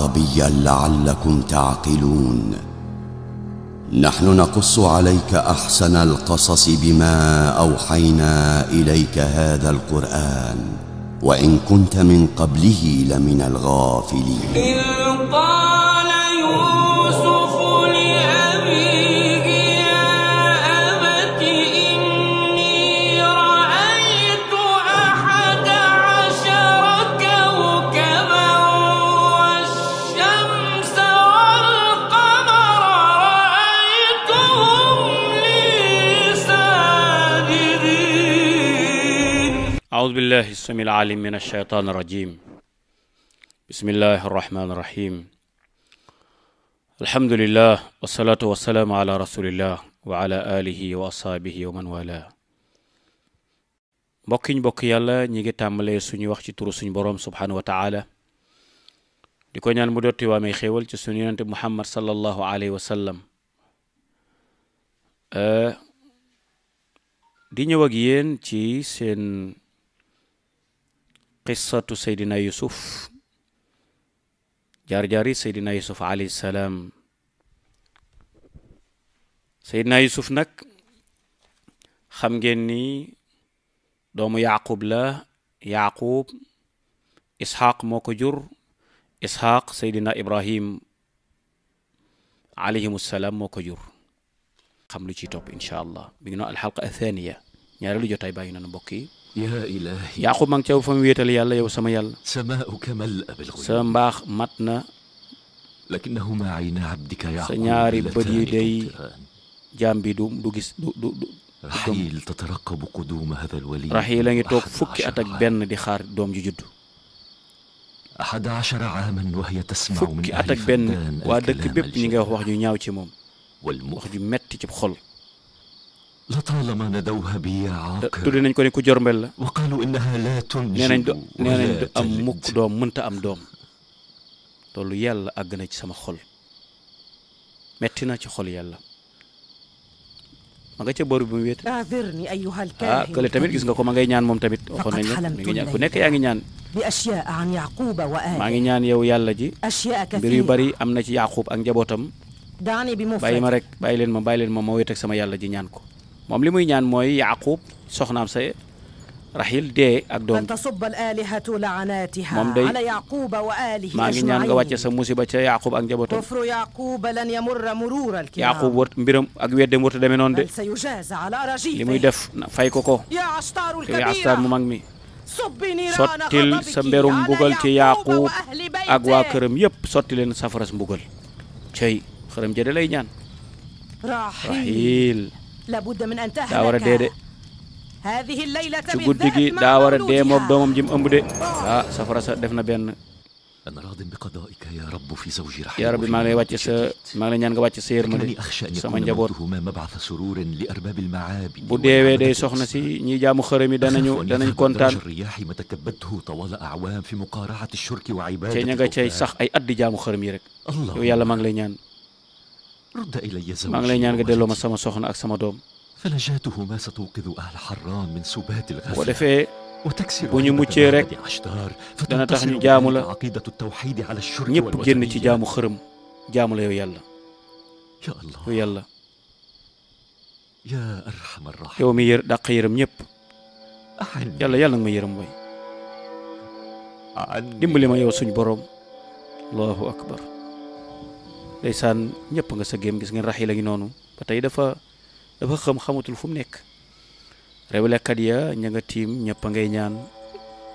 عربيا لعلكم تعقلون نحن نقص عليك أحسن القصص بما أوحينا إليك هذا القرآن وإن كنت من قبله لمن الغافلين أعوذ بالله السميع العليم من الشيطان الرجيم بسم الله الرحمن الرحيم الحمد لله والصلاة والسلام على رسول الله وعلى آله وأصحابه yàlla ñi ngi suñu wax ci turu suñu boroom subhaanahu wa di ko ñaan mu dotti waa may xéewal ci suñu yonente Muhammad sallallahu alayhi wa sallam di ñëw ak yéen ci seen qissatu seydina yusuf jaar-jaari seydina yusuf alayhi salaam seydina yusuf nag xam ngeen ni doomu yaqub la yaqub isxaq moo ko jur isxaq seydina ibrahim alayhim salaam moo ko jur xam lu ciy topp incha allah mi ngi noonu alxalqa lu jot ay bàyyi noonu mbokk yi yaa ilaahi yaqub ma fa mu wéetal yàlla yow sama yàlla sa mbaax mat na lakinahuma ayna abdika yaa sa ñaari bët yi day jaam bi du gis du du du raxiil tataraqabu quduma hada alwali raxiil a ngi toog fukki at ak benn di xaar doom ji judd ahada ashara aaman wa hiya tasmacu min fukki waa dëkk bépp ñi nga wax wax ñu ñaaw ci moom wax ju metti ci xol لطالما ندوها بي يا عاقل tudd nañ ko ne ku jormbel la وقالوا إنها لا تنجب nee nañ du nee nañ du am mukk doom mënta am doom loolu yàlla àgg na ci sama xol metti na ci xol yàlla ma nga ca booru bi mu wéet ah kële gis nga ko ma ngay ñaan moom tamit waxoon nañ la mi ngi ñaan ku nekk yaa ngi ñaan maa ngi ñaan yow yàlla ji mbir yu bari am na ci yaqub ak njabootam bàyyi ma rek bàyyi leen ma bàyyi leen ma ma wéet ak sama yàlla ji ñaan ko moom li muy ñaan mooy Yaaqub soxnaam sa Rahil dee ak doom moom day maa ngi ñaan nga wàcce sa musiba ca Yaaqub ak njabootam Yaaqub wër mbiram ak weddem wërta demee noonu de li muy def fay ko ko yow Astar mu mag mi sottil sa mberum mbugal ci Yaaqub ak waa këram yëpp sotti leen safaras mbugal cey xërëm jëde lay ñaan daa war a dee de ci guddi gi daa war a dee moog doomam ji mu ëmb de ah safara sa def na benn yaa rabbi maa ngi lay wàcc sa maa ngi lay ñaan nga wàcc sa yërmande sama njaboot bu deewee day soxna si ñiy jaamu xërëm yi danañu danañ kontaan te ña nga cay sax ay at di jaamu xërëm yi rek yow yàlla maa ngi lay ñaan. maa ngi lay ñaan nga delloo ma sama soxna ak sama doom boo defee bu ñu muccee rek dana tax ñu jaamu la ñëpp génn ci jaamu xërëm jaamu la yow yàlla yow yàlla yow mi yër dàq yërëm ñëpp yàlla yàlla nga ma yërëm way dimbali ma yow suñ boroom allahu akbar ndeysaan ñëpp nga sa géem gis ngeen rax yi la noonu ba tey dafa dafa xam xamatul fu mu nekk rewlekat ya ña nga tiim ñëpp a ngay ñaan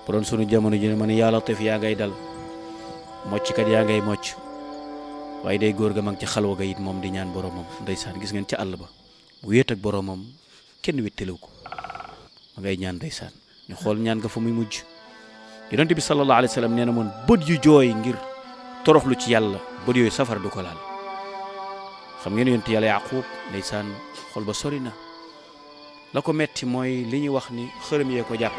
bu doon sunu jamono ji ne ma ne yàlla yaa ngay dal mocckat yaa ngay mocc waaye day góor ga mag ci xalwa ga it moom di ñaan boromam ndeysaan gis ngeen ca àll ba mu wéet ak boromam kenn wéttaliw ko ma ngay ñaan ndeysaan ñu xool ñaan nga fa muy mujj yonent bi sallallahu alayhi wa sallam nee na moon bët yu jooy ngir toroxlu ci yàlla bët yooyu safara du ko laal xam ngeen yonent yàlla yaqub ndeysaan xol ba sori na la ko metti mooy li ñuy wax ni xërëm yee ko jàpp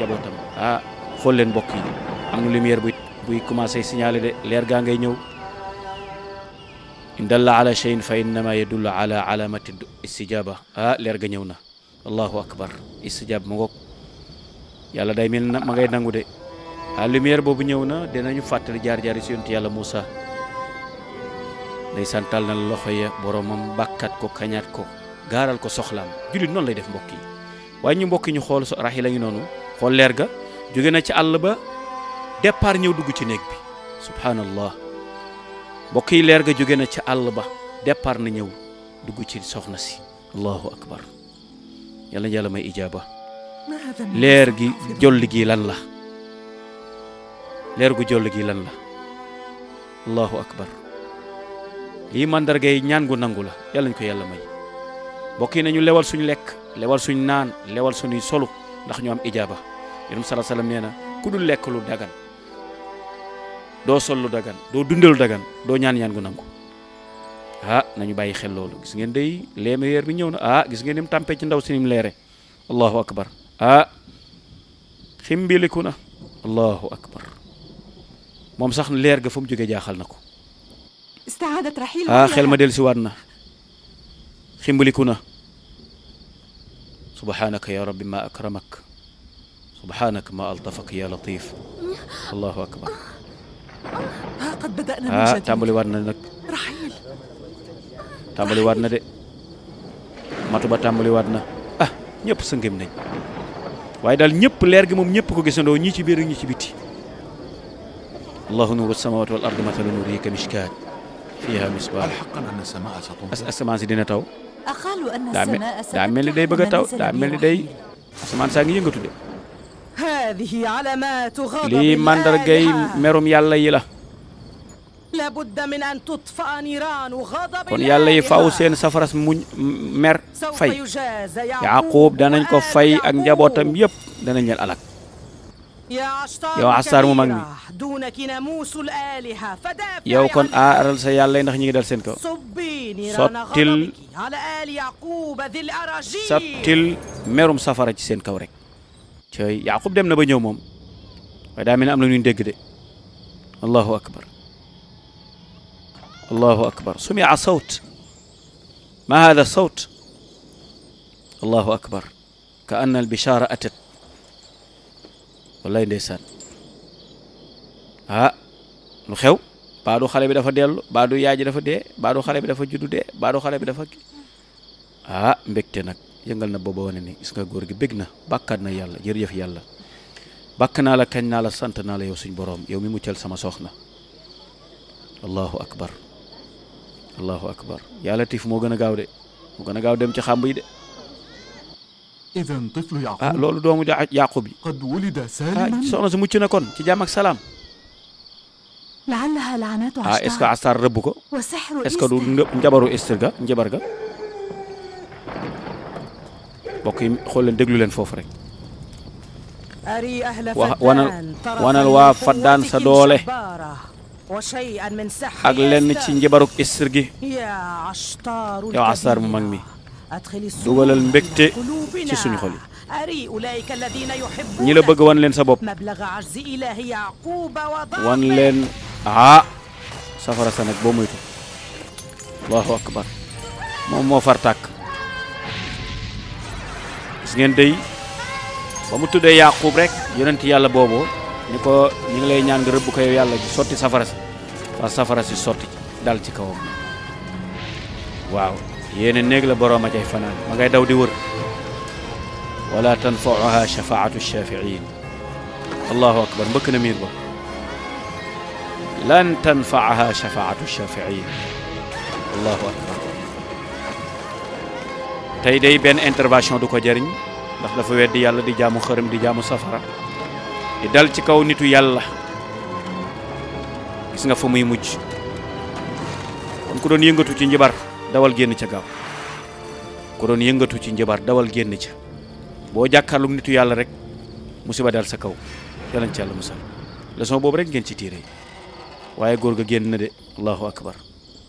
jabootam ah, xool leen mbokk yi am na lumière buy buy commencé signalé de leer gaa ngay ñëw in dalla ala cheyin fa innama yadullu ala alamati istijaba ah, leer ga ñëw na allahu akbar istijab ma yàlla day mel na ma ngay nangu de ah lumière boobu ñëw na dinañu fàttali jaar-jaari si yonent yàlla Moussa day santal na loxo ya boromam mbàkkat ko kañaat ko gaaral ko soxlaam jullit noonu lay def mbokk yi waaye ñu mbokki ñu xool so rax yi la noonu xool leer ga jóge na ci àll ba départ ñëw dugg ci néeg bi subhanallah mbokk yi leer ga jóge na ci àll ba départ na ñëw dugg ci soxna si allahu akbar yàlla yàlla may ijaaba leer gi jolli gi lan la leer gu jolli gi lan la allahu akbar lii mandarga yi ñaan gu nangu la yàlla ñu ko yàlla may mbokk yi nañu lewal suñu lekk lewal suñu naan lewal suñuy solu ndax ñu am ijaaba yonent sala salaam na ku dul lekk lu dagan doo sol lu dagan doo dunde lu dagan doo ñaan ñaan gu nangu ah nañu bàyyi xel loolu gis ngeen day leeme weer bi ñëw na ah gis ngeen ni mu tàmpee ci ndaw si ni mu leere allahu akbar ah ximbiliku na allahu akbar moom sax leer ga fa mu jógee jaaxal na ko ah xel ma del si waat na ximbaliku na subhaanaka ya rabbi ma akramak subhaanaka ma altafak ya latif allahu akbar ah tàmbali waat na nag tàmbali waat na de matu ba tàmbali waat na ah ñëpp sëngëm nañ waaye daal ñëpp leer gi moom ñëpp ko gisandoo ñii ci biir ñii ci biti allahu nuuru samawati wal ardi matalu nuurihi ka mishkaat fiihaa misbaah asamaan si dina taw daa mel daa mel ni day bëgg a taw daa mel ni day asamaan saa ngi yëngatu de lii màndargay merum yàlla yi la kon yàlla yi faaw seen safaras muñ mer fay Yaaqub danañ ko fay ak njabootam yëpp danañ leen alak yow astaaru mu mag mi yow kon aaral sa yàlla yi ndax ñu ngi dal seen kaw sottil sottil merum safara ci seen kaw rek cooy yaqub dem na ba ñëw moom waaye daa mel ne am na ñuy dégg de allahu akbar allahu akbar sumia sawt ma hada sawt allahu akbar ka anna al bishara atat wallaay ndeysaan ah lu xew baadu xale bi dafa dellu baadu yaay ji dafa dee baadu xale bi dafa juddu dee baadu xale bi dafa ah mbégte nag yëngal na booba wane ni gis nga góor gi bég na bàkkaat na yàlla jërëjëf yàlla bàkk naa la kañ naa la sant naa la yow suñ boroom yow mi muccal sama soxna allahu akbar allahu akbar yàlla tiif moo gën a gaaw de moo gën a gaaw dem ci xàmb yi de ah loolu doomu ja yaqub bi ah soxna si mucc na kon ci jàmm ak salaam ah est-ce que astar rëbb ko est-ce que du njabaru istirga njabar ga mbokk yi xool leen déglu leen foofu rek wa wanal wanal waa faddaan sa doole ak lenn ci njabaruk istir gi yow astar mu mag mi dugalal mbégte ci suñu xol yi ñii la bëgg wan leen sa bopp wan leen ah safara sa nag boo moytu allahu akbar moom moo far tàkk gis ngeen day ba mu tuddee yaqub rek yonent yàlla boobu ni ko ñi ngi lay ñaan nga rëbb ko yow yàlla ji sotti safara si far safara si sotti dal ci kawam waaw yéene néeg la boroom a cay fanaan ma ngay daw di wër wala tanfauha shafaatu shafiin allahu akbar mbëkk na miir ba lan tanfaaha shafaatu shafiin allahu akbar tey day benn intervention du ko jariñ ndax dafa weddi yàlla di jaamu xërëm di jaamu safara di dal ci kaw nitu yàlla gis nga fa muy mujj kon ku doon yëngatu ci njibar dawal génn ca gaaw ku doon yëngatu ci njëbaat dawal génn ca boo jàkkaarlu nitu yàlla rek musiba dal sa kaw yàlla na ci yàlla musal leçon boobu rek ngeen ci tiire yi waaye góor ga génn na de allahu akbar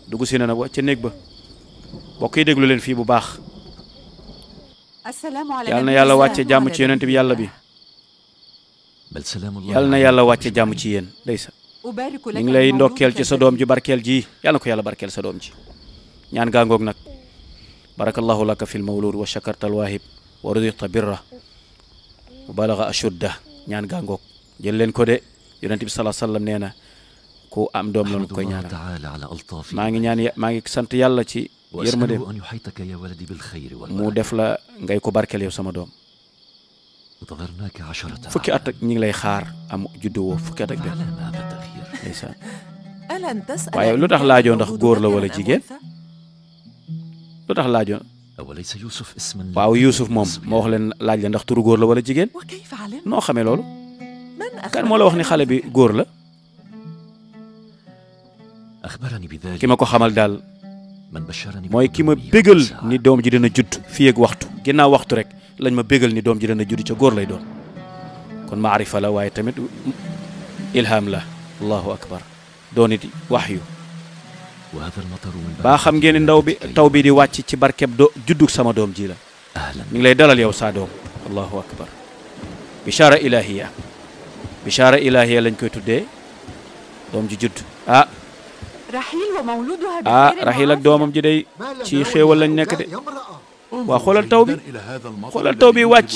dugg si na na ba ca néeg ba mbokk yi déglu leen fii bu baax yàlla na yàlla wàcce jàmm ci yonent bi yàlla bi yàlla na yàlla wàcce jàmm ci yéen ndeysa ñu ngi lay ndokkeel ci sa doom ji barkeel ji yàlla na ko yàlla barkeel sa doom ji ñaan gaangoog nag barakallahu laka fi lmawlud wa shakarta alwaahib wa rudita birra wa balaga ashudda ñaan gaangoog jël leen ko de yonent bi salaa sallam nee na ku am doom la koy ñaanal maa ngi ñaan maa ngi sant yàlla ci yërmande mu def la ngay ko barkeel yow sama doom fukki at ñi ngi lay xaar am juddu woo fukki at ak benn ndeysaan waaye lu tax laajoo ndax góor la wala jigéen lu tax laajo waaw Youssouf moom moo wax leen laaj la ndax turu góor la wala jigéen noo xamee loolu kan moo la wax ni xale bi góor la ki ma ko xamal daal mooy ki ma bégal ni doom ji dana judd fii ak waxtu ginnaaw waxtu rek lañ ma bégal ni doom ji dana judd ca góor lay doon kon maarifa la waaye tamit ilham la allahu akbar doon it waxyu baa xam ngeen ni ndaw bi taw bii di wàcc ci barkeb do sama doom ji la ñu ngi lay dalal yow saa doom allahu akbar bichara ilahiya bichara ilahiya lañ koy tuddee doom ji judd ah ah ak doomam ji day ci xéewal lañ nekk de waa xoolal taw bi xoolal taw bi wàcc.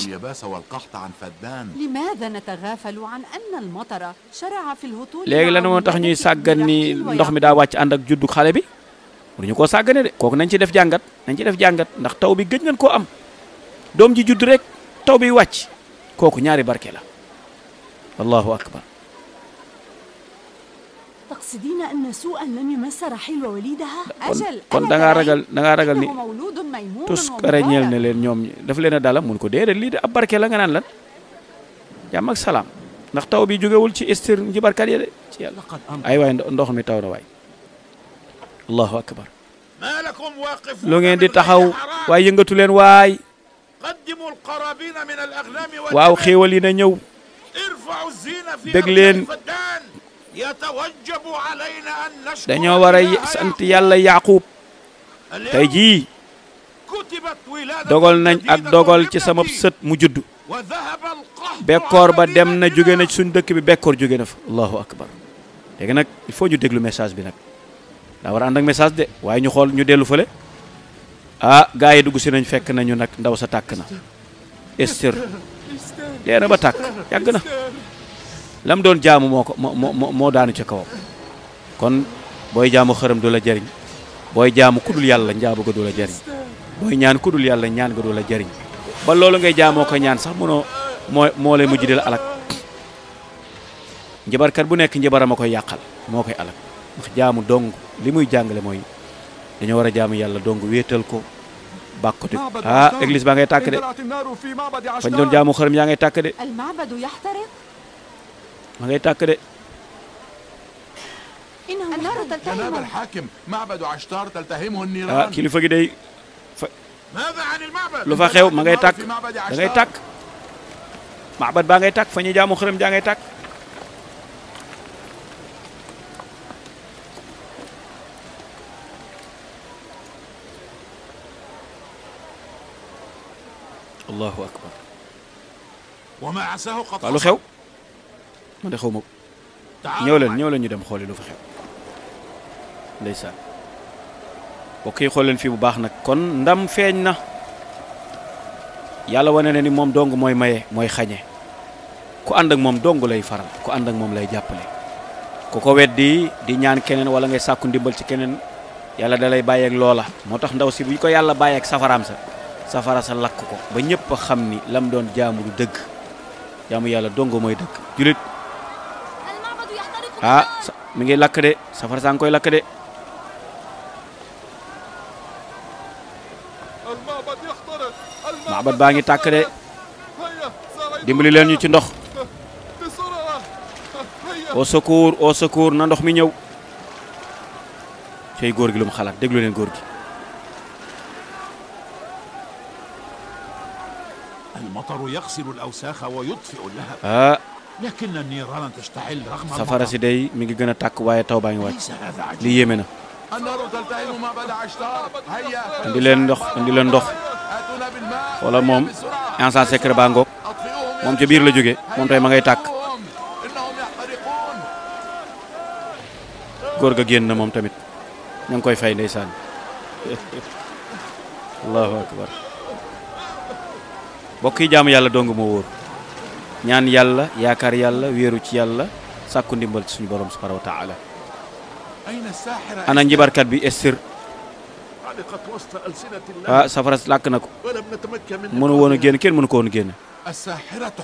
léegi lan moo tax ñuy sàggan ni ndox mi daa wàcc ànd ak juddu xale bi waruñu koo sàggane de kooku nañ ci def jàngat nañ ci def jàngat ndax taw bi gëj nañ koo am doom ji judd rek taw bi wàcc kooku ñaari barke la allahu akbar تقصدين أن سوءا لم يمس kon da ngaa ragal ragal ni tus reñeel na leen ñoom daf leen a dala mun ko déedéet lii de ab barke la nga naan lan jàmm salaam ndax taw bi jógewul ci istir njibarkat ya de ci ay waay ndox mi taw na waay allahu akbar lu di taxaw waay yëngatu leen waay waaw xéewal yi na ñëw bég leen dañoo war a sant yàlla yaaquub tey jii dogal nañ ak dogal ci sama sët mu judd bekkoor ba dem na jóge na suñ dëkk bi bekkoor jóge na fa allahu akbar léegi nag foo faut ñu déglu message bi nag daa war a ànd ak message de waaye ñu xool ñu dellu fële ah gaa yi dugg si nañ fekk nañu nag ndaw sa tàkk na Esther dee na ba tàkk yàgg na lam doon jaamu moo ko moo moo daanu ca kawam kon booy jaamu xërëm du la jariñ booy jaamu kudul yàlla njaabu ga du la jariñ booy ñaan kudul yàlla ñaan ga du la jariñ ba loolu ngay jaamoo ko ñaan sax mënoo moo moo lay mujj dal alak njabarkat bu nekk njabaram a koy yàqal moo koy alak ndax jaamu dong li muy jàngale mooy dañoo war a jaamu yàlla dong wéetal ko bàkkatu ah baa tàkk de yaa ngay tàkk de ma ngay tàkk de. ah kilifa gi day fa lu fa xew ma ngay tàkk da ngay tàkk maabad baa ngay tàkk fa ñuy jaamu xërëm jaa ngay tàkk. allahu akbar. waaw lu xew. man de xaw ma ah, ñëw leen ñëw leen ñu dem xooli lu fa xew ndeysaan mbokk yi xool fii bu baax nag kon ndam feeñ na yàlla wane na ni moom dong mooy maye mooy xañe ku ànd ak moom dong lay faral ku ànd ak moom lay jàppale ku ko weddi di ñaan keneen wala ngay sàkku ndimbal ci keneen yàlla dalay lay loola moo tax ndaw si bu ko yàlla bàyyeek safaraam sa safara sa lakk ko ba ñëpp a xam ni lam doon jaamu du dëgg jaamu yàlla dong mooy dëgg ah mi ngi lakk de safara saa ngi koy lakk de maabat baa ngi tàkk de dimbali leen ñu ci ndox au secours na ndox mi ñëw cey góor gi lu mu xalaat déglu leen góor gi ah safara si day mi ngi gën a tàkk waaye taw baa ngi wàcc li yéeme na indi leen ndox indi ndox wala moom incense secret baa ngoog moom ca biir la jóge moom tey ma ngay tàkk góor ga génn na moom tamit ña ngi koy fay ndeysaan allahu yi jaamu yàlla dong moo wóor ñaan yàlla yaakaar yàlla wéeru ci yàlla sàkku ndimbal ci suñu borom subhanahu wa taala ana njibarkat bi Estir ah na ko mënu woon a génn kenn mënu ko woon a génn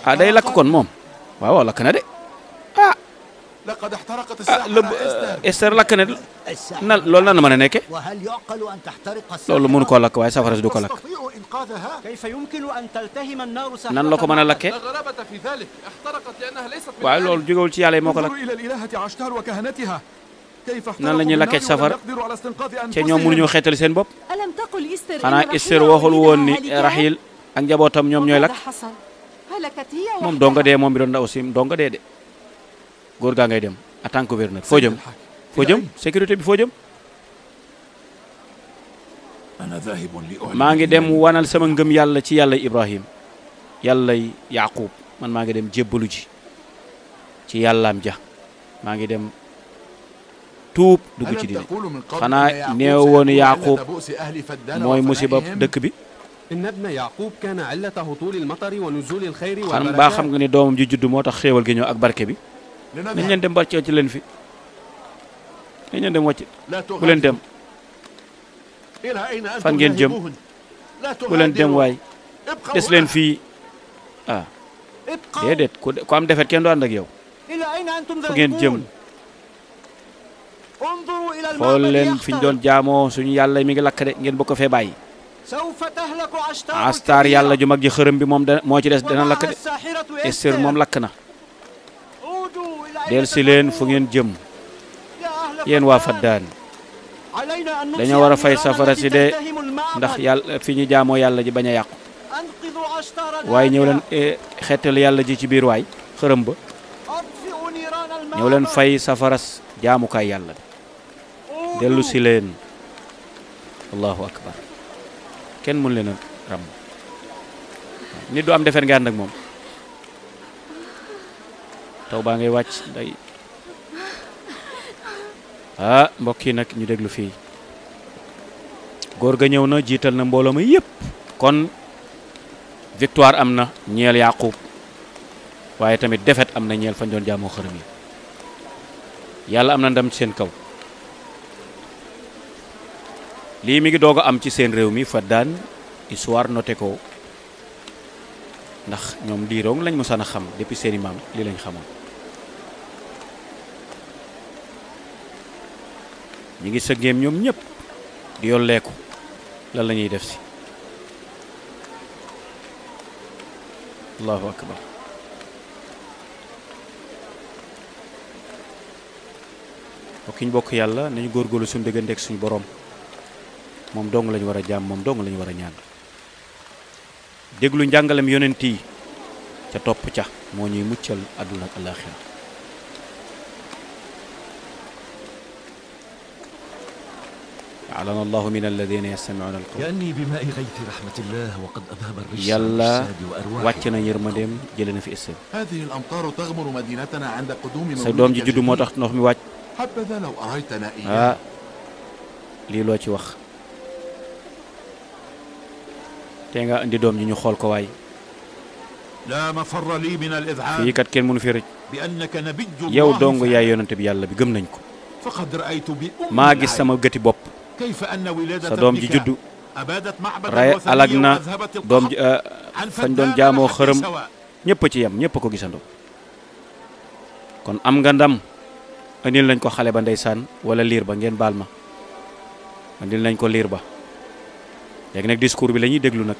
ah kon moom waaw waaw lakk na de ah, ah Estir eh, lakk na na loolu nan la mën a nekke loolu mënu koo lakk waaye safara du ko lakk وإنقاذها كيف يمكن أن تلتهم النار سهلة nan la ko mën a lakke الغرابة في ذلك احترقت لأنها ليست من waaye loolu jógewul ci yàlla yi moo ko lakk انظروا إلى الإلهة عشتار وكهنتها nan la ñuy lakkee ci safara te ñoom mënuñoo xeetali seen bopp xanaa Ister waxul woon ni Rahil ak njabootam ñoom ñooy lakk moom dong dee moom bi doon daw si dong dee de góor gaa ngay dem en tant que gouverneur foo jëm foo jëm sécurité bi foo jëm. maa ngi dem wanal sama ngëm yàlla ci yàlla Ibrahim yàlla Yaaqub man maa ngi dem jébbalu ji ci yàllaam ja maa ngi dem tuub dugg ci diine xanaa néew woon Yaaqub mooy musiba dëkk bi xam baa xam nga ni doomam ji judd moo tax xéewal gi ñëw ak barke bi nañ leen dem barke ci leen fi nañ leen dem wàcc bu leen dem fan ngeen jëm bu leen dem waay des leen fii ah déedéet ku am defet kenn du ànd ak yow fu ngeen jëm xool leen fi ñu doon jaamoo suñu yàlla mi ngi lakk de ngeen bëgg ko fee bàyyi astar yàlla ju mag ji xërëm bi moom moo ci des dana lakk de Ester moom lakk na del si leen fu ngeen jëm yéen waa Faddaan dañoo war a fay safara si de ndax yàlla fi ñu jaamoo yàlla ji bañ a yàqu waaye ñëw leen eh, xeetal yàlla ji ci biir waay xërëm ba ñëw leen fay safara jaamukaay yàlla bi dellu leen allahu akbar kenn mën leen a ràmm nit du am defet nga ànd ak moom taw baa ngay wàcc day ah mbokk yi nag ñu déglu fii góor ga ñëw na jiital na mbooloo ma yépp kon victoire am na ñeel Yaaqub waaye tamit defet am na ñeel fañ doon jaamoo xërëm yi yàlla am na ndam ci seen kaw lii mi ngi doog a am ci seen réew mi fa daan histoire noté ko ndax ñoom lii dong lañ mosaan a xam depuis seeni maam li lañ xamoon ñu ngi sëggeem ñoom ñëpp di yolleeku lan la ñuy def si allahu akbar bokkiñ bokk yàlla nañu góorgóorlu suñu diggante ak suñu boroom moom dong lañu war a jaam moom dong lañu war a ñaan déglu njàngalem yonent yi ca topp ca moo ñuy muccal àdduna ak àllaaxira أعلن الله من wàcc na yërmandeem jële na fi ësël هذه الأمطار تغمر مدينتنا عند قدوم sa doom ji tax ndox mi wàcc loo ci wax te nga indi doom ji ñu xool ko waay la mafar li min al idham fii kat kenn mënu fi rëcc bi annaka nabiyyu yow dong yaay yonante bi yàlla bi gëm nañ ko faqad ra'aytu bi maa gis sama gëti bopp sa doom ji juddu ray alag na doom ji fañ doon jaamoo xërëm ñëpp ci yem ñëpp ko gisandoo kon am nga ndam andil nañ ko xale ba ndeysaan wala liir ba ngeen baal ma andil nañ ko liir ba léegi nag discours bi lañuy déglu nag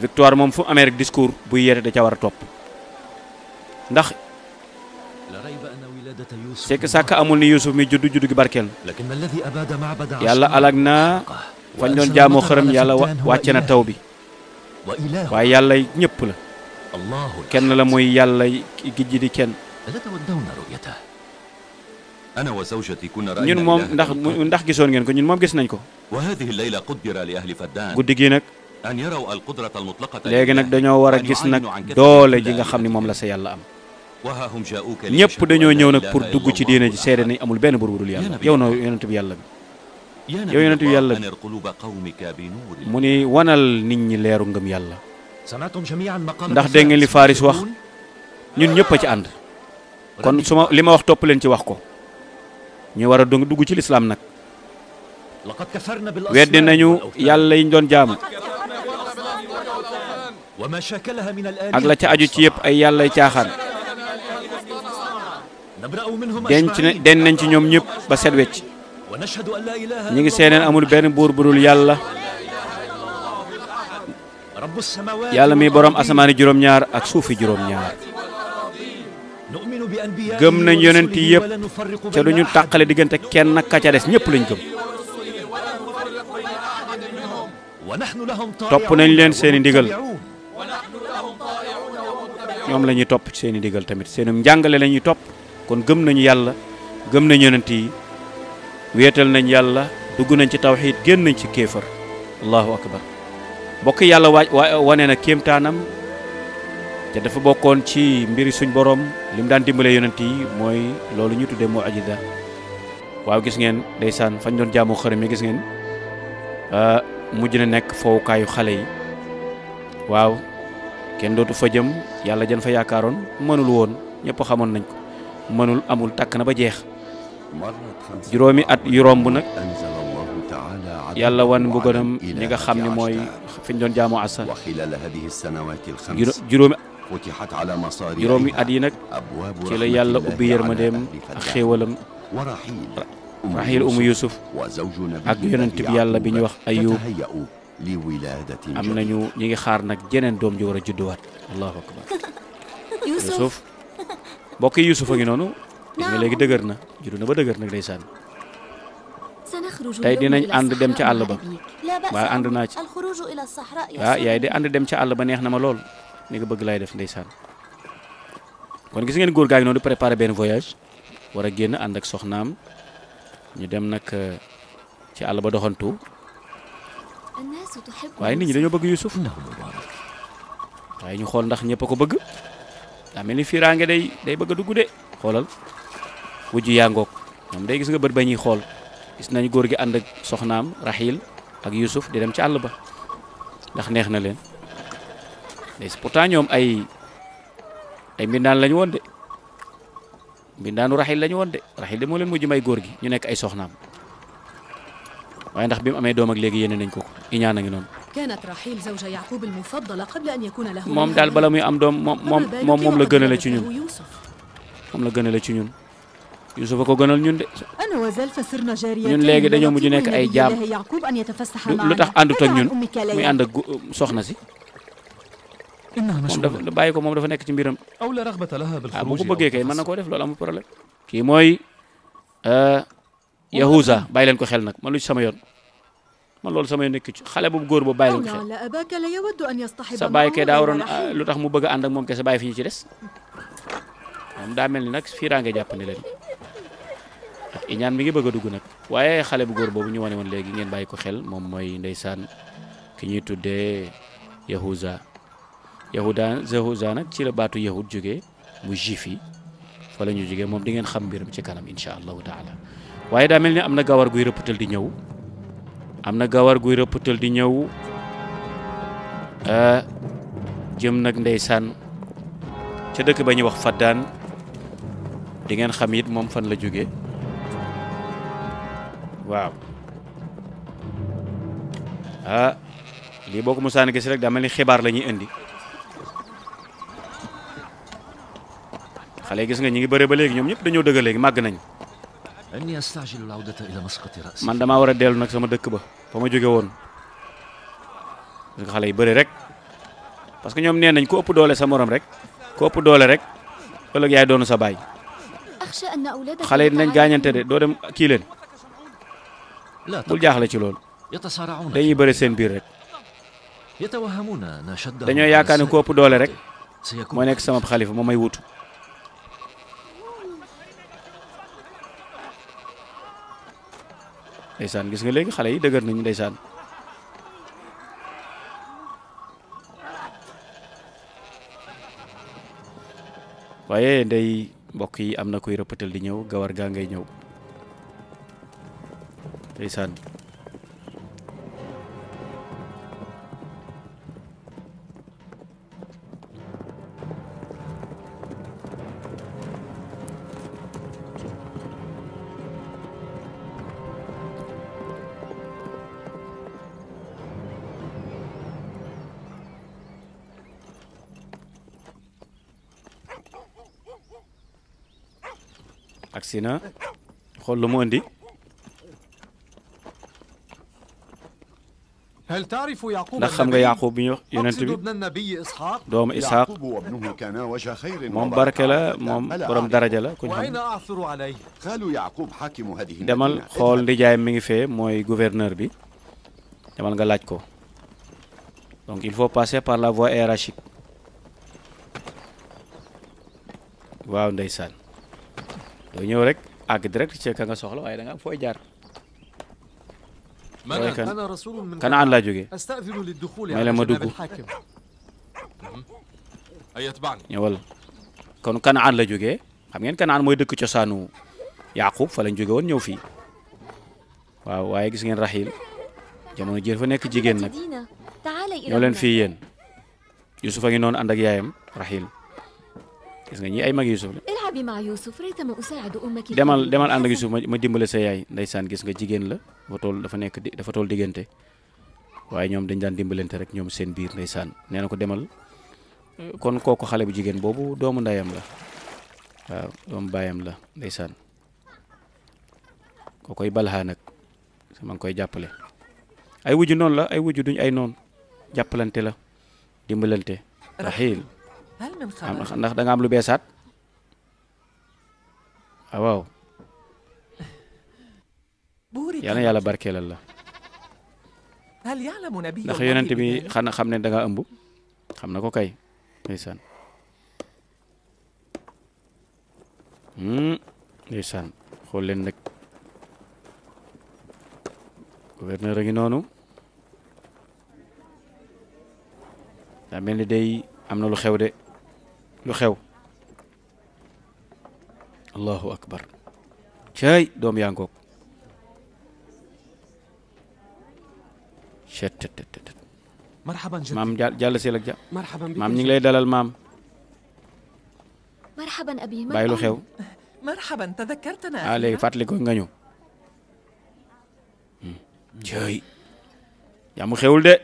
victoire moom fu amee rek discours buy yeete da ca war a topp ndax sekk sàkk amul ni Yuusuf mi judd judd gi barkeel yàlla alag na fañ doon jaamoo xërëm yàlla wàcce na taw bi waaye yàlla ñëpp la kenn la mooy yàlla gi ji di kenn ñun moom ndax mu ndax gisoon ngeen ko ñun moom gis nañ ko wa guddi gi nag léegi nag dañoo war a gis nag doole ji nga xam ne moom la sa yàlla am ñëpp dañoo ñëw nag pour dugg ci diine ji seede nañ amul benn buur bu dul yàlla yow noo yonent bi yàlla bi yow yonent bi bi mu ni wanal nit ñi leeru ngëm yàlla ndax dégg ngeen li Faris wax ñun ñëpp a ci ànd kon su ma li ma wax topp leen ci wax ko ñu war a dugg ci lislaam nag weddi nañu yàlla yiñ doon jaamu ak la ca aju ci yëpp ay yàlla yàllay caaxaan denc na den nañ ci ñoom ñëpp ba set wecc ñi ngi seeneen amul benn buur bu dul yàlla yàlla mi boroom asamaani juróom-ñaar ak suufi juróom-ñaar gëm nañ yonent yëpp ca du ñu tàqale diggante kenn ka ca des ñëpp lañ gëm topp nañ leen seeni ndigal ñoom la ñuy topp seeni ndigal tamit seeni njàngale lañuy topp kon gëm nañu yàlla gëm nañ yonent yi weetal nañ yàlla dugg nañ ci tawxiid génn nañ ci kéefar allahu akbar bokk yàlla waa wane na kéemtaanam te dafa bokkoon ci mbir suñ boroom li mu daan dimbalee yonent yi mooy loolu ñu tuddee mu'jiza waaw gis ngeen ndeysaan fañ doon jaamu xërëm yi gis ngeen ah, mujj na nekk foowukaayu xale yi waaw kenn dootu fa jëm yàlla jan fa yaakaaroon mënul woon ñëpp xamoon nañ ko mënul amul takk na ba jeex juróomi at yu romb nag yàlla wan mbugalam ñi nga xam ne mooy fi ñu doon jaamu asal juróomi juróomi at yi nag ci la yàlla ubbi yërmandeem ak xéewalam raxiil umu yusuf ak yonent bi yàlla bi ñuy wax ayub am nañu ñi ngi xaar nag jeneen doom ji war a judduwaat allahu akbar yusuf mbokk yi Youssouf a ngi noonu gis nga léegi dëgër na juddu na ba dëgër nag ndeysaan tey dinañ ànd dem ca àll ba waa ànd naa ci waa ah, yaay de ànd dem ca àll ba neex na ma lool ni bëgg laay def ndeysaan kon gis ngeen góor gaa ngi noonu di benn voyage war a génn ànd ak soxnaam ñu dem nag euh, ci àll ba doxantu waaye nit ñi dañoo bëgg Youssouf waaye ñu xool ndax ñëpp a ko bëgg. daa mel ni fiiraange day day bëgg a dugg de xoolal wujj yaa ngoog ñoom day gis nga bët ba ñuy xool gis nañ góor gi ànd ak soxnaam Rahil ak Yusuf di dem ci àll ba ndax neex na leen mais pourtant ñoom ay ay mbindaan lañu woon de mbindaanu Rahil lañu woon de Rahil de moo leen mujj ay góor gi ñu nekk ay soxnaam waaye ndax bi mu amee doom ak léegi yéene nañ ko iñaan a ngi noonu. كانت رحيل زوج يعقوب المفضلة قبل أن يكون له moom daal bala muy am doom moom moom moom moom la gënale ci ñun moom la gënale ci ñun Yuusuf a ko gënal ñun de ñun léegi dañoo mujj nekk ay jaam lu tax àndut ak ñun muy ànd ak soxna si moom dafa bàyyi ko moom dafa nekk ci mbiram aw la ah bu ko bëggee kay mën na koo def loolu amul problème kii mooy Yahuza bàyyi leen ko xel nag man lu ci sama yoon man loolu samay nekk ci xale boobu góor boobu bàyyi la ko xel sa bàyyi kay daa waroon ah, lu tax mu bëgg a ànd ak moom kese bàyyi fi ñu ci des moom daa mel ni nag fiiraange jàppandi ni leen ak ah, iñaan mi ngi bëgg a dugg nag waaye xale bu góor boobu ñu wane woon léegi ngeen bàyyi ko xel moom mooy ndeysaan ki ñuy tuddee yahuza yahuda yahuza nag ci la baatu yahud jógee mu juif yi fa la ñu moom di ngeen xam mbiram ci kanam incha allahu taala waaye daa mel ni am na gawar guy rëppatal di ñëw am na gawar guy rëppatal di ñëw ah, jëm nag ndeysaan ca dëkk ba ñuy wax faddaan di ngeen xam it moom fan la jóge waaw ah lii boo ko mosaan gis rek daa mel ni xibaar la ñuy indi xale gis nga ñi ngi bëre ba léegi ñoom ñëpp dañoo dëgg léegi màgg nañu man damaa war a dellu nag sama dëkk ba fa ma jóge woon parce que xale yi bëri rek parce que ñoom nee nañ ku ëpp doole sa moroom rek ku ëpp doole rek ëllëg yaay doonu sa baay xale yi nañ gaañante de doo dem kii leen bul jaaxle ci loolu dañuy bëri seen biir rek dañoo yaakaar ne ku ëpp doole rek moo nekk sama xalifa moo may wutu ndeysaan gis nga léegi xale yi dëgër nañu ndeysaan waaye ndey mbokk yi am na kuy rëppatal di ñëw gawar gaa ngay ñëw ndeysaan si na xool lu mu indi ndax xam nga Yaaqub bi ñu yonent bi doomu Isxaaq moom barke la moom borom daraja la ku ñu xam demal xool ndijaay mi ngi fee mooy gouverneur bi demal nga laaj ko donc il faut passer par la voie hiérarchique waaw ndeysaan doo ñëw rek àgg direct ci ka nga soxla waaye da nga am fooy jaar. mooy kan kanaan laa jógee may la ma dugg mhm. ñëwal kon kanaan la jóge xam ngeen kanaan mooy dëkk cosaanu Yaaqub fa lañ jóge woon ñëw fii waaw waaye gis ngeen Raxiil jamono jër fa nekk jigéen nag ñoo leen fii yéen Yuusuf a ngi noonu ànd ak yaayam Raxiil gis nga ñi ay mag Yuusuf la demal demal ànd ak Yuusuf ma dimbale sa yaay ndeysaan gis nga jigéen la dafa tool dafa nekk dafa tool diggante waaye ñoom dañ daan dimbalante rek ñoom seen biir ndeysaan nee na ko demal kon kooku xale bu jigéen boobu doomu ndayam la waaw doomu baayam la ndeysaan koo koy balxaa nag sama ngi koy jàppale ay wujju noonu la ay wujju duñ ay noon jàppalante la dimbalante raxiil ndax da am lu beesaat ah, waaw yal na yàlla barkeelal la ndax yonent bi xana xam ne danga nga xam na ko kay ndeysaan hmm, ndeysaan xool leen nag gouverneur a ngi noonu daa mel ni day am na lu xew de lu xew allahu akbar caay doom yaa ngoog cet cet cet maam jàll ja maam ñu ngi lay dalal maam bàyyi lu xew ah léegi fàttali ko nga ñëw hmm. caay yaa mu xewul de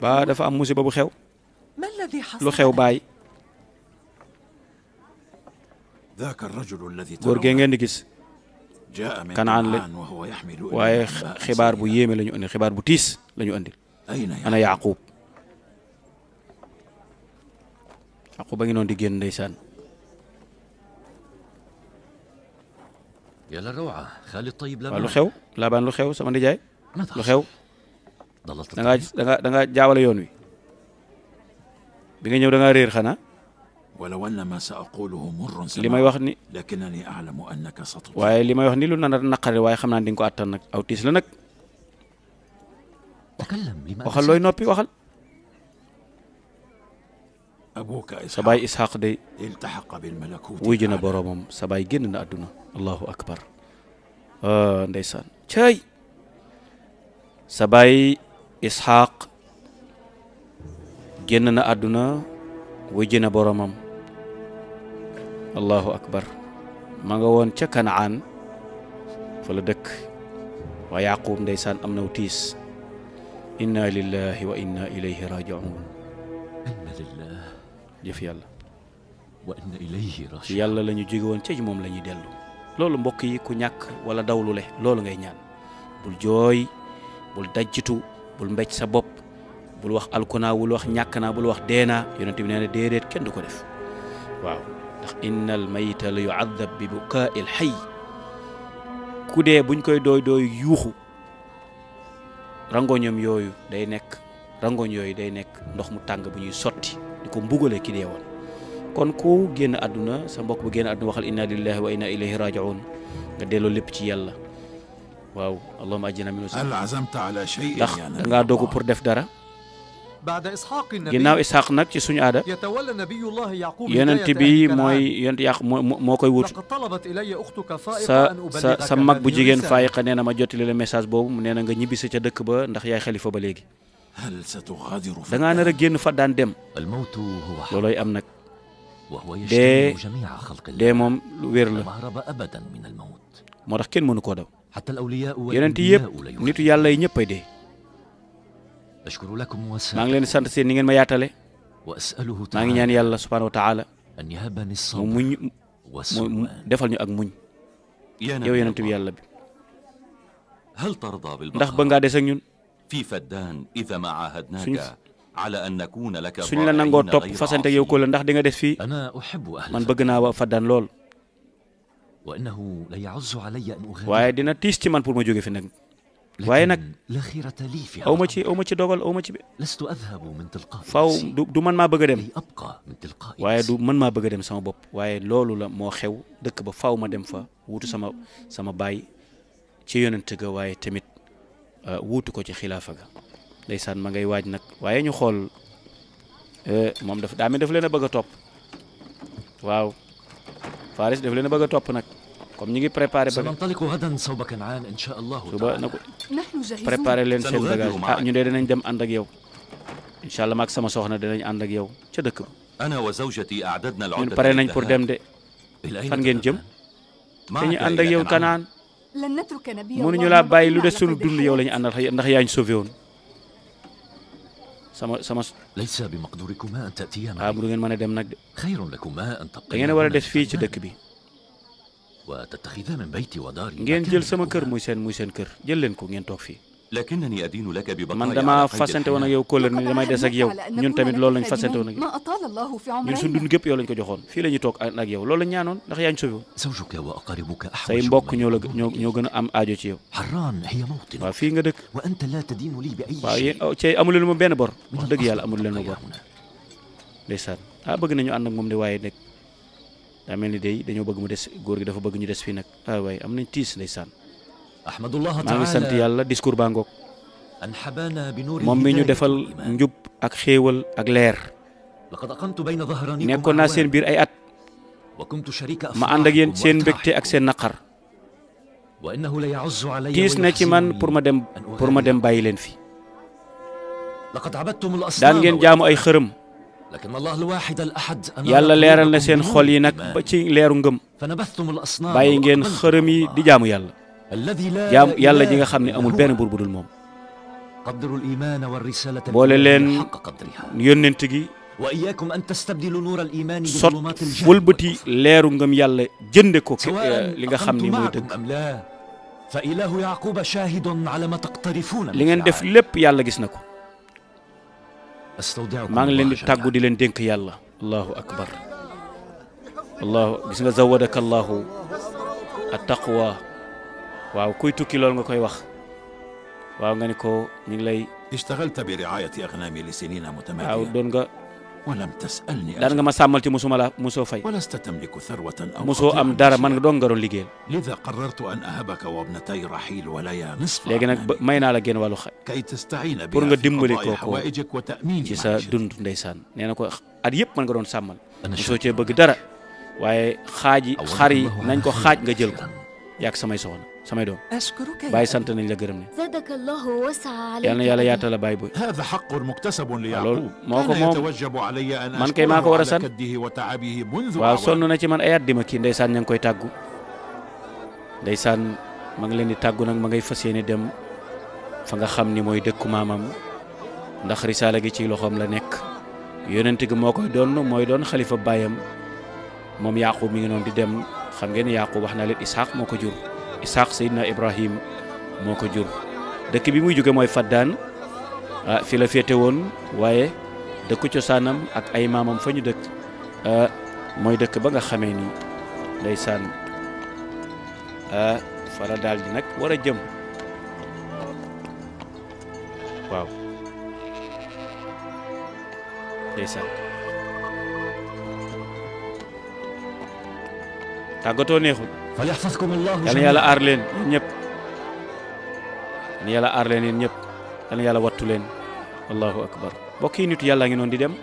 ba dafa am musiba bu xew lu xew baay góor gee ngeen di gis kanaan la waaye xibaar bu yéeme lañu ñu xibaar bu tiis lañu andi indi ana yaqub yaqub a ngi di génn ndeysaan waa lu xew laabaan lu xew sama ndijaay lu xew da ngaa da nga da ngaa jaawale yoon wi nga ñëw da ngaa réer xanaa wala wala ma sa aquluhu murrun li may wax ni lakinani a'lamu annaka satut waaye li may wax ni lu nar a naqare waaye xam naa ne di nga ko àttan aw tiis la waxal looy noppi waxal abuka sa baay isxaq day iltahaqa bil malakut wuy jëna sa baay génn na àdduna allahu akbar ah, ndeysaan cay sa baay isxaaq génn na àdduna wujji na boromam allahu akbar ma nga woon ca kanaan fa la dëkk waa yaquub ndeysaan am naw tiis inna lillahi wa inna ilayhi rajiun inna lillahi jëf yàlla wa jóge woon ca moom lañuy ñuy dellu loolu mbokk yi ku ñàkk wala dawlu loolu ngay ñaan bul jooy bul dajjitu bul mbécc sa bopp bul wax alkuna bul wax ñàkk naa bul wax deena yonent bi nee na déedéet kenn du ko def waaw ndax innal mayta la yuadab bi bukaa il xay ku dee buñ koy dooy dooy yuuxu rangoñam yooyu day nekk rangoñ yooyu day nekk ndox mu tàng bu ñuy sotti di ko mbugalee ki dee woon kon ku génn àdduna sa mbokk bu génn àdduna waxal inna lillahi wa inna ilayhi rajiun nga delloo lépp ci yàlla waaw allahuma ma minu hal azamta ala shay ndax dangaa dogu pour def dara ginnaaw isxaq nag ci suñu aada yonent bi mooy yonent yàq moo koy wut sa sa sa mag bu jigéen faayiqa nee na ma jottali la message boobu nee na nga ñibbisi ca dëkk ba ndax yaay xalifa ba léegi da ngaa nar génn fa daan dem loolooy am nag dee dee moom wér la moo tax kenn mënu koo daw yonent yëpp nitu yàlla yi ñëpp ay dee maa ngi leen sant seen ni ngeen ma yaatale maa ngi ñaan yàlla subhaanahu wa taala mu muñ mu defal ñu ak muñ yow yonent bi yàlla bi ndax ba ngaa des ak ñun suñ suñ la nangoo topp fasante yow ko la ndax di nga des fii man bëgg naa waa Faddaan lool. waaye dina tiis ci man pour ma jóge fi nag waaye nag aw ma ci aw ma ci dogal aw ma ci faaw du du man maa bëgg a dem waaye du man maa bëgg dem sama bopp waaye loolu la moo xew dëkk ba faw ma dem fa wuutu sama sama baay ci yonent ga waaye tamit euh, wuutu ko ci xilaafa ga ndeysaan ma ngay waaj nag waaye ñu xool euh, moom daf daa daf leen a bëgg a topp waaw Faris daf leen a bëgg a topp nag comme ñu ngi préparé. suba na ko préparé leen seen bagage ah ñu dee dinañ dem ànd ak yow incha allah maag sama soxna dinañ ànd ak yow ca dëkk ba. ñun pare nañ pour dem de fan ngeen jëm te ñu ànd ak yow kanaan mënuñu laa bàyyi lu des sunu dund yow la ñu àndal ndax yaa ñu sauvé woon. sama sama. laysa bi maqdurikuma an ta'tiya ah bu du ngeen mën a dem nag de. xayrun lakuma an tabqa da ngeen war a des fii ci dëkk bi. wa tattaxida min bayti wa daari ngeen jël sama kër muy seen muy seen kër jël leen ko ngeen toog fii. man damaa fasante woon ak yow kóllër ni damay des ak yow ñun tamit loolu lañ fasante woon ak yow ñun suñ dund gépp yow lañ ko joxoon fii la ñuy toog ak yow loolu lañ ñaanoon ndax yaa ñu sauvé woon say mbokk ñoo la ñoo ñoo gën a am aajo ci yow waaw fii nga dëkk waaw yéen oh, cey amul leen ma benn bor wax dëgg yàlla amul leen ma bor ndeysaan ah bëgg nañu ànd nag moom de waaye nag daa mel ni day dañoo bëgg mu des góor gi dafa bëgg ñu des fii nag ah waaye am nañ tiis ndeysaan ahmadullah maa ngi sant yàlla discours baa ngoog moom mi ñu defal njub ak xéewal ak leer nekkoon naa seen biir ay at ma ànd ak yéen seen mbégte ak seen naqar tiis na ci man pour ma dem pour ma dem bàyyi leen fi daan ngeen jaamu ay xërëm yàlla leeral na seen xool yi nag ba ci leeru ngëm bàyyi ngeen xërëm yi di jaamu yàlla jaam yàlla ji nga xam ne amul benn buur bu dul moom boole leen yónnent gi sot wëlbati leeru ngëm yàlla jënde ko li nga xam ni mooy dëgg li ngeen def lépp yàlla gis na ko maa ngi leen di tàggu di leen dénk yàlla allahu akbar allahu gis nga zawadaka allahu at taqwa waaw kuy tukki loolu nga koy wax waaw nga ni ko ñu ngi lay. اشتغلت برعاية أغنامي لسنين متمادية waaw doon nga. ولم تسألني daan nga ma sàmmal ci musuma la musoo fay. ولست تملك ثروة أو musoo am dara man nga doon nga doon liggéeyal. لذا قررت أن أهبك وابنتي رحيل وليا نصف léegi nag may naa la génn wàllu xay. كي تستعين بها في قضاء حوائجك وتأمين ci sa dund ndeysaan nee na ko at yëpp man nga doon sàmmal. musoo cee bëgg dara waaye xaaji xar yi nañ ko xaaj nga jël ko yàgg samay soxna samay doom baay sant nañ la gërëm ne yal na yàlla yaatal la baay booy loolu moo ko moom man kay maa ko war a sant waaw sonn na ci man ay at di ma kii ndeysaan ña ngi koy tàggu ndeysaan ma ngi leen di tàggu nag ma ngay fas yéene dem fa nga xam ni mooy dëkku maamam ndax risaala gi ci loxoom la nekk yonent gi moo koy doon mooy doon xalifa baayam moom Yaaqub mi ngi noonu di dem xam ngeen Yaaqub wax na leen Isxaaq moo ko jur Isaaq Seydina Ibrahim moo ko jur dëkk bi muy jóge mooy Faddaan ah, fi la féete woon waaye dëkku cosaanam ak ay maamam fa ñu dëkk ah, mooy dëkk ba nga xamee ni ndeysaan ah, fa la daal di nag war a jëm waaw ndeysaan tàggatoo neexul yal na yàlla aar leen yéen ñëpp yal na yàlla aar leen ñëpp yàlla wattu leen allahu akbar mbokk yi nitu yàlla ngi noonu di dem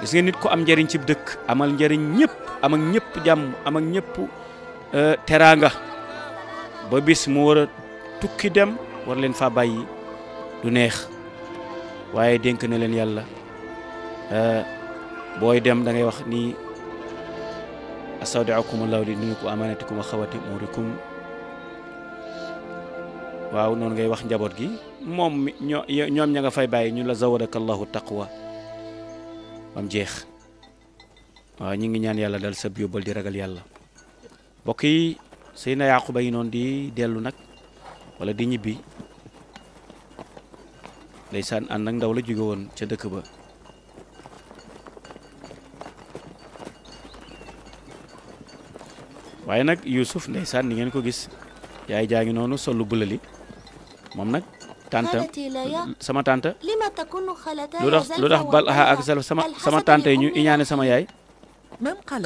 gis ngeen nit ku am njariñ ci dëkk amal njariñ ñëpp am ak ñëpp jàmm am ak ñëpp euh, teraanga ba bis mu war a tukki dem war leen fa bàyyi du neex waaye dénk na leen yàlla euh, booy dem da wax nii astawdi'ukum allahu li dunikum amanatikum wa xawati umurikum waaw noonu ngay wax njaboot gi moom ñoo ñoom ña nga fay bàyyi ñu la zawadaka allahu taqwa bam jeex waaw ñu ngi ñaan yàlla dal sa yóbbal di ragal yàlla mbokk yi sëy na yaaquba yi noonu di dellu nag wala di ñibbi ndeysaan ànd ak ndaw la jóge woon ca dëkk ba waaye nag Youssouf ndeysaan ni ngeen ko gis yaay jaa ngi noonu sol lu bula li moom nag tànta sama tànta lu tax lu tax bal aha ak sal sama sama tànta yi ñu iñaane sama yaay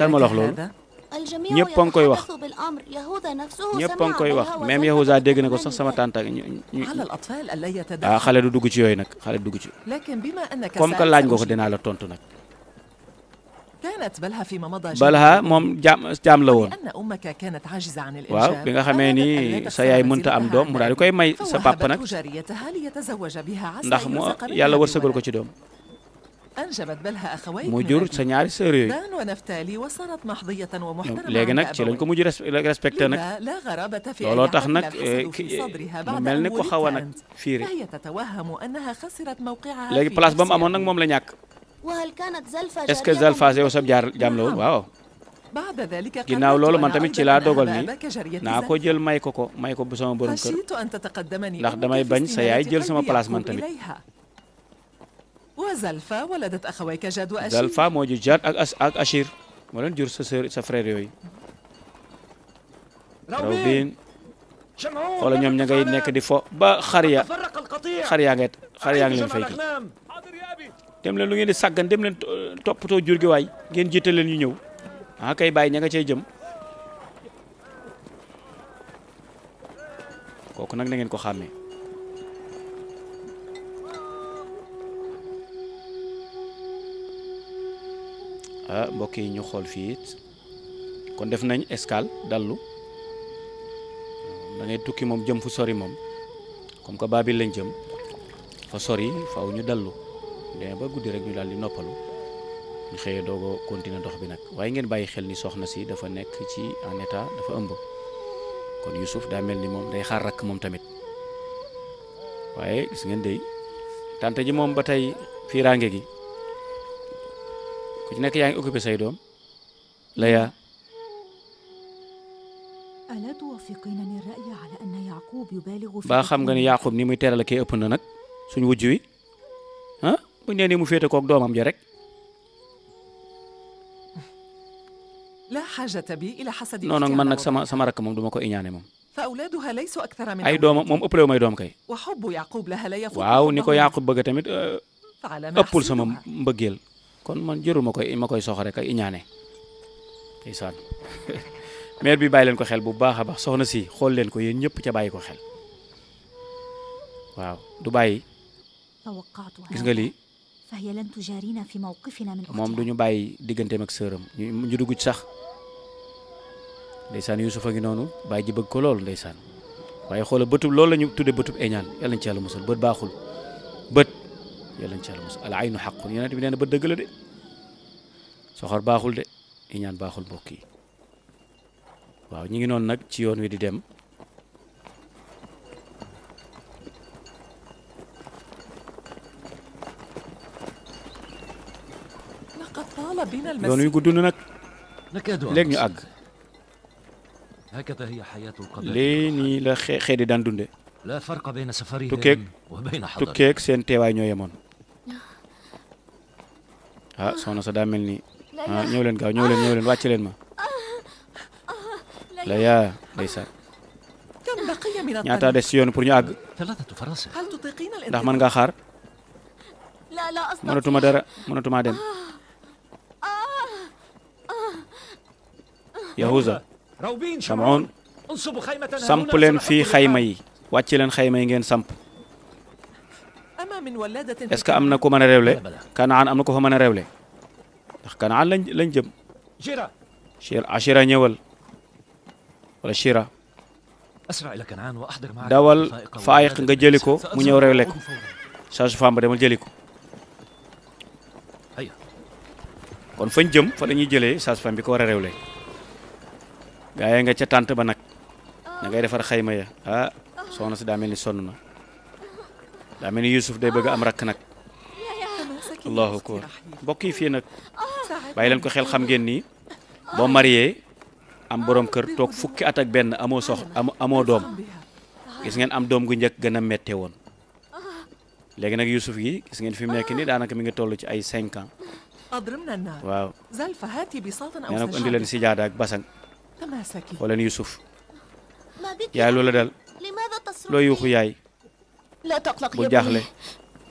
kan ma la loolu ñëpp a ngi koy wax ñëpp a ngi koy wax même Yahuda dégg na ko sax sama tànta ñu ñu ah xale du dugg ci yooyu nag xale du dugg ci comme que laaj nga ko dinaa la tontu nag. balha moom jaam jaam la woon waaw bi nga xamee ni sa yaay mënta am doom mu daal di koy may sa papa nag ndax mu yàlla wërsëgal ko ci doom mu jur sa ñaari sœur yooyu léegi nag ci lañ ko mujj respecté nag looloo tax nag mu mel ni ko xaw a nag fiire léegi place ba mu amoon nag moom la ñàkk. est-ce que Zalfaas yow sab jaar jaam la woon waaw ginnaaw loolu man tamit ci laa dogal ni naa ko jël may ko ko may ko bu sama borom kër ndax damay bañ sa yaay jël sama place man tamit Zalfa moo ju Jaad ak ak ñoom ña ngay nekk di fo ba xar ya xar yaa ngay leen fay dem leen lu ngeen di sàggan dem leen toppatoo jur gi waay ngeen jiital leen ñu ñëw ah kay bàyyi ña nga cay jëm kooku nag na ngeen ko xàmmee. ah mbokk yi ñu xool fii kon def nañ escale dallu da ngay tukki moom jëm fu sori moom comme que Baabil lañ jëm fa sori faw ñu dallu. demee ba guddi rek ñu daal di noppalu ñu xëyee doog a continuer dox bi nag waaye ngeen bàyyi xel ni soxna si dafa nekk ci en état dafa ëmb kon Youssouf daa mel ni moom day xaar rakk moom tamit waaye gis ngeen day tante ji moom ba tey fiiraange gi ku ci nekk yaa ngi occupé say doom laya baa xam nga ni Yaaqub ni muy teral a kee ëpp na nag suñ wujj wi bu nee ni mu féete kook doomam ja rek noonu nag man nag sama sama rakk moom du ma ko iñaane moom ay doomam moom ëppale wu may doom kay waaw ni ko Yaaqub bëgg tamit euh, ëppul sama mbëggeel kon man jërul ma koy ma koy soxore kay iñaane ndeysaan mère bi bàyyi leen ko xel bu baax a baax soxna si xool leen ko yéen ñëpp ca bàyyi ko xel waaw du bàyyi gis nga lii na fi moom du ñu bàyyi digganteem ak sëram ñu dugg ci sax ndeysaan Yuusufa ngi noonu bàyyi ji bëgg ko lool ndeysaan waaye xoola bëtub lool la ñu tudde bëtub eñaan yàlla nañ ci yàlla bët baaxul bët yàlla nañ ci yàlla musal al aynu xaqun yonent bi nee na bët dëgg la de soxor baaxul de eñaan baaxul mbokk yi waaw ñu ngi noonu nag ci yoon wi di dem yoon wi gudd na nag léegi ñu àgg lii la xe xeet yi daan dunde tukkeeg tukkeeg seen teewaay ñoo yemoon ah soxna sa daa mel ni ah leen gaaw ñëw leen wàcc leen ma la yaa ndeysaan ñaata des si yoon pour ñu àgg ndax mën nga xaar mënatuma dara mënatuma dem. yahuza samoon samp leen fii xayma yi wàcc leen xayma yi ngeen samp est-ce que am na ko mën a réewle kanaan am na ko fa mën a réewle ndax kanaan lañ lañ jëm shira ashira ñëwal wala shira dawal faayiq nga jëli ko mu ñëw réewle ko sage femme ba demal jëli ko kon fañ jëm fa lañuy ñuy jëlee sage femme bi ko war a réewle gaa nga ca tànt ba nag oh. dangay defar xayma ya ah oh. soxna si daa mel ni sonn na daa mel ni Yuusuf day bëgg am rakk nag allahu akbar mbokk yi fii nag bàyyi leen ko xel xam ngeen nii boo marié am borom kër toog fukki at ak benn amoo sox amoo doom gis ngeen am doom gu njëkk gën a mette woon léegi nag Yuusuf yi gis ngeen fi mu nekk nii daanaka mi ngi toll ci ay cinq ans waaw nee na ko indi leen si jaada ak xooleen Yusuf yaay loola dal loo yuuxu yaay bul jaaxle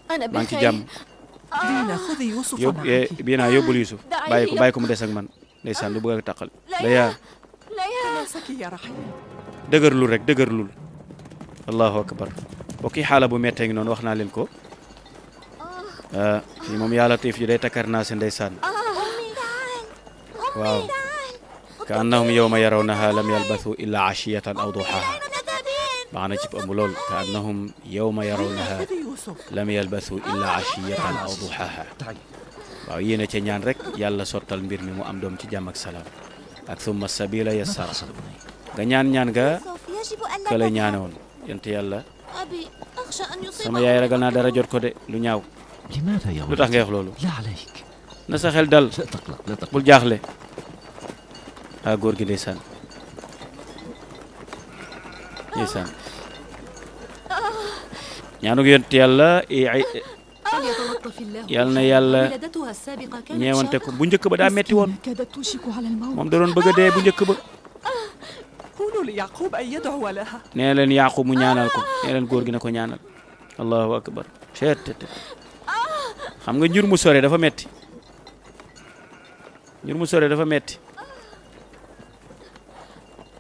maa ngi ci jàmm ah. yób eh, bii naa yóbbul Yusuf bàyyi ko bàyyi ko mu des ak man ndeysaan lu bëgg a taqal la yaa dëgërlul rek dëgërlul allahu akbar bokk yi xaala bu mettee ngi noonu wax naa leen ko ah. Ah, fii moom yàlla tiif ji day takkar naa si ndeysaan waaw ka annahum yowma yarawnaha lam yalbathu illa ashiyatan aw duhaha maana cib ëmb lool ka annahum yowma yarawnaha lam yalbathu illa ashiyatan aw duhaha waaw yéen a ca ñaan rek yàlla sottal mbir mi mu am doom ci jàmm ak salaam ak summa sabila yassara nga ñaan ñaan ga ka la ñaane woon yent yàlla sama yaay ragal naa dara jot ko de lu ñaaw lu tax ngay wax loolu na sa xel dal bul jaaxle ah góor gi ndeysaan ndeysaan ñaanug yonent yàlla yàlla na yàlla ñeewante ko bu njëkk ba daa metti woon moom da doon bëgg a dee bu njëkk ba nee leen yaqub mu ñaanal ko nee leen góor gi na ko ñaanal allahu akbar ceetete xam nga njur mu sore dafa metti njur mu sore dafa metti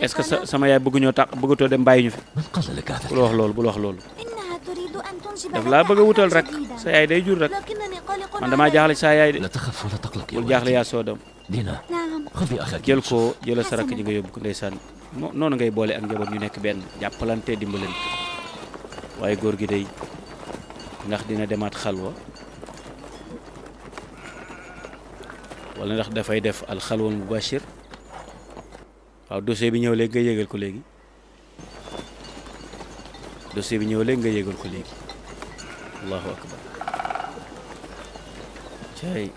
est-ce que sa sama yaay bëgg ñoo tax bëggatoo dem bàyyi ñu fi bul wax wax loolu daf laa bëgg wutal rek sa yaay day jur rek man damaa jaaxle sa yaay de bul jaaxle yaa soo dem jël ko jëlal sa rakk ji nga yóbbu ko ndeysaan noonu ngay boole ak njaboot ñu nekk benn jàppalantee dimbalante waaye góor gi day ndax dina demaat xalwa wala ndax dafay def alxalwa mubashir waaw dossier bi ñëw léegi nga yégal ko léegi dossier bi ñëw léegi nga yégal ko léegi allahu akbar cay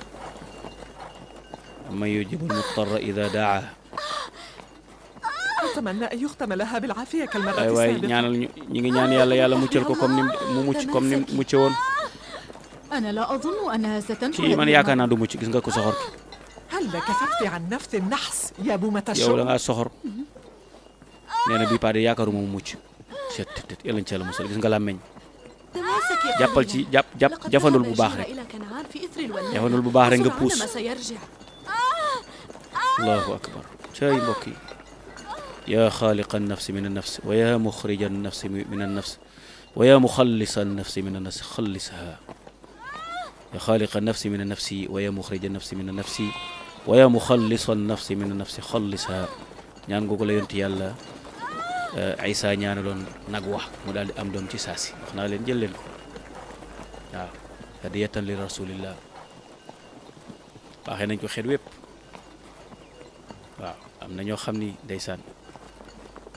man yujibu lmutarra ida daa ay waay ñaanal ñu ñi ngi ñaan yàlla yàlla muccal ko comme ni mu mucc comme ni mucce woon kii man yaakaar naa du mucc gis nga ko soxor ki هلا كففت عن نفس النحس يا بو mata yow da ngaa soxor nee na bii paa de yaakaaruma mu mucc seet tët yàlla na ci yàlla musal gis nga làmmeñ jàppal ci jàpp jàpp jafandul bu baax rek jafandul bu baax rek nga puus allahu akbar cay mbokk yi yaa xaaliqa nafsi min annafs wa yaa muxrija nafsi min annafs wa yaa muxallisa nafsi min annafs xallisha yaa xaaliqa nafsi min annafsi wa yaa muxrija nafsi min annafsi waya mu li xallisa nafsi min nafsi xallisa ñaan googu la yonti yàlla eh, Isa ñaanaloon nag wa mu daal di am doom ci saasi wax naa leen jël leen ko waaw hadiyatan li rasulillah baaxee nañ ko xeet wépp waaw am na ñoo xam ni ndeysaan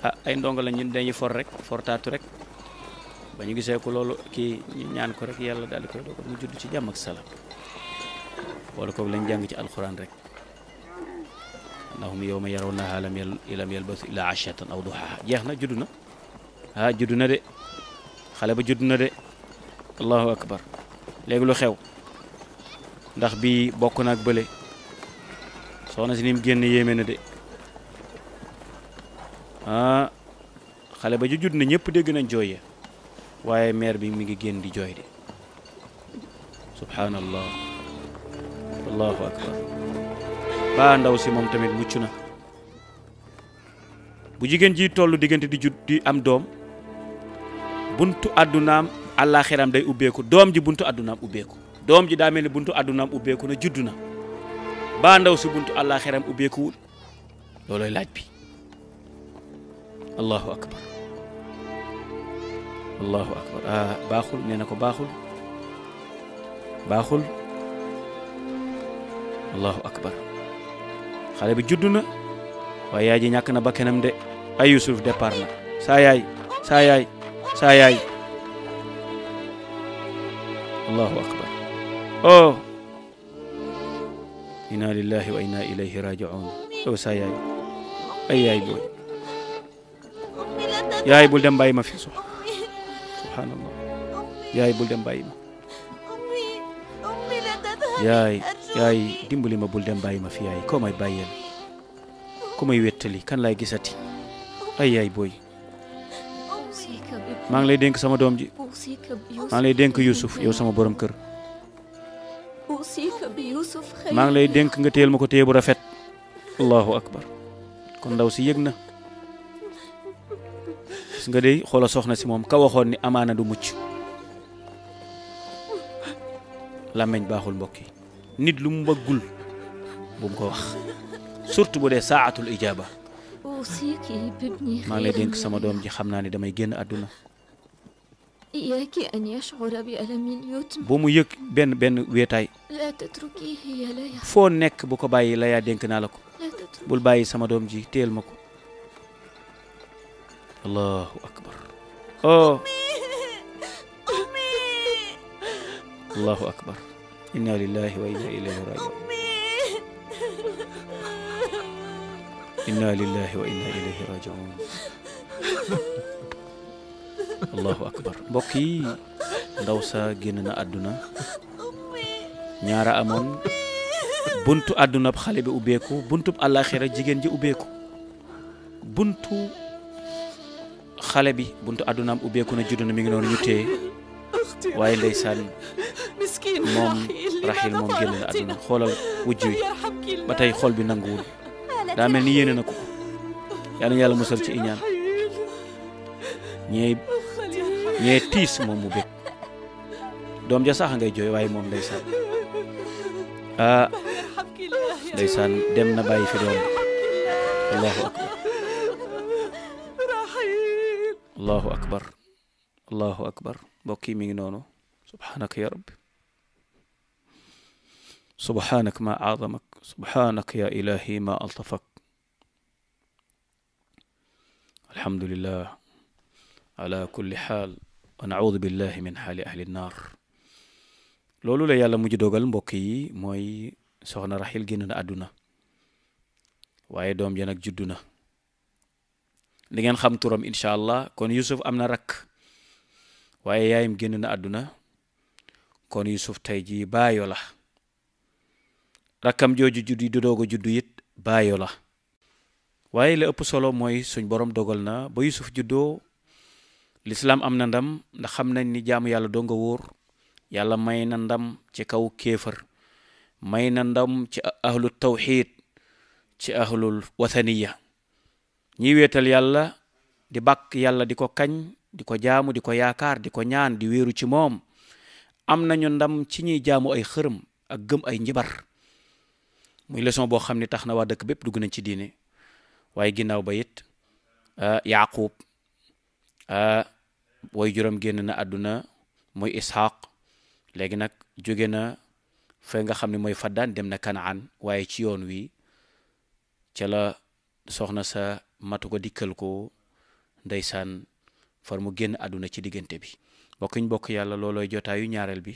ah ay ndongo la ñun dañuy for rek fortaatu rek ba ñu gisee ko loolu kii ñu ñaan ko rek yàlla daal di koy dogal mu judd ci jàmm ak salaam wala kooku lañ jàng ci alxuraan rek annahum yawma yarawnaha lam yalbasu illa ashiyatan aw duhaha jeex na judd na ah judd na de xale ba judd na de allahu lu xew ndax bii bokk na ak bële si ni mu génn yéeme xale ba ju judd na ñëpp dégg nañ jooye waaye meer bi mi ngi génn di jooy de subhanallah allahu akbar ba ndaw si moom tamit mucc na bu jigéen ji tollu diggante di jut di am doom buntu àddunaam àllaaxiraam day ubbeeku doom ji buntu àddunaam ubbeeku doom ji daa mel ni buntu àddunaam ubbeeku na juddu na ba ndaw si buntu àllaaxiraam ubbeekuwul loolooy laaj bi allahu akbar ah, na ko baaxul baaxul allahu akbar xale bi juddu na waaye yaay ji ñàkk na ba kenam de ay Yuusuf départ na saa yaay saa yaay saa yaay allahu akbar oh inna lillahi wa inna ilayhi raji'un yow oh, saa yaay ay yaay booy yaay bul dem ma fi subhaanallah yaay bul dem ma yaay dimbali ma bul dem bàyyi ma fi yaay koo may bàyyeel ku may wettali kan laay gisati ay yaay booy maa ngi lay dénk sama doom ji maa ngi lay dénk Youssouf sama borom kër maa ngi lay dénk nga téyel ma téye bu rafet allahu akbar kon ndaw si yëg na gis nga dey xoola soxna si moom ka waxoon ni amaana du mucc làmmeñ baaxul mbokk yi nit lu mu bëggul bu mu ko wax surtout bu dee saatul ijaaba maa ngi dénk sama doom ji xam naa ne damay génn àdduna bu mu yëg benn benn wéetaay foo nekk bu ko bàyyi la dénk naa la ko bul bàyyi sama doom ji téel ma ko allahu akbar oh. inna lillahi wa inna ilayhi rajiun allahu akbar mbokk ndaw sa génn na àdduna ñaara amoon buntu àdduna xale bi ubbeeku buntu àllaaxira jigéen ji ubbeeku buntu xale bi buntu àddunaam ubbeeku na juddu na mi ngi noonu ñu téye waaye ndeysaan moom raxil moom génn na àdduna xoolal wujj wi ba tey xool bi nanguwul daa mel ni yéene na ko yal na yàlla musal ci iñaan ñee ñee tiis moom mu bég doom ja sax ngay jooy waaye moom ndeysaan ah ndeysaan dem na bàyyi fi doom allahu akbar allahu akbar allahu akbar yi mi ngi noonu subhaanaka ya rabbi سبحانك ما أعظمك سبحانك يا إلهي ما ألطفك الحمد لله على kulli xaal wa naudu billahi min xaali ahli naar loolu la yàlla mujj dogal mbokk yi mooy soxna Raxil génn na àdduna waaye doom ja nag juddu na di ngeen xam turam allah kon Yusuf am na rakk waaye yaayam génn àdduna kon Yusuf tey jii baayo rakkam jooju juddu di doog a juddu it baayo la waaye la ëpp solo mooy suñ borom dogal na ba Yusuf juddoo lislaam am na ndam ndax xam nañ ni jaamu yàlla doo nga wóor yàlla may na ndam ci kaw kéefër may na ndam ci ahlul tawxiid ci ahlul wathaniya ñiy weetal yàlla di bàkk yàlla di ko kañ di ko jaamu di ko yaakaar di ko ñaan di wéeru ci moom am nañu ndam ci ñuy jaamu ay xërëm ak gëm ay njibar muy leçon boo xam ne tax na waa dëkk bépp dugg nañ ci diine waaye ginnaaw ba it ah, yaqub ah, way juróom génn na àdduna muy ishaq léegi nag jóge na fa nga xam ne mooy faddaan dem na kanaan waaye ci yoon wi ca la soxna sa matu ko dikkal ko ndeysaan far mu génn àdduna ci diggante bi bokkuñ bokk yàlla loolooy jotaayu ñaareel bi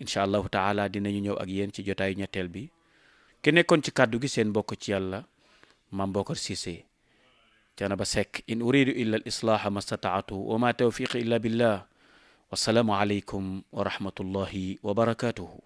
incha allahu taala ñu ñëw ak yéen ci jotaayu ñetteel bi ki nekkoon ci kàddu gi seen mbokk ci yàlla Mame Bocar Cissé Thiénaba Seck in uridu illa al ma stataatu wa ma illa billah wassalaamu aleykum wa rahmatullahi wa barakatuhu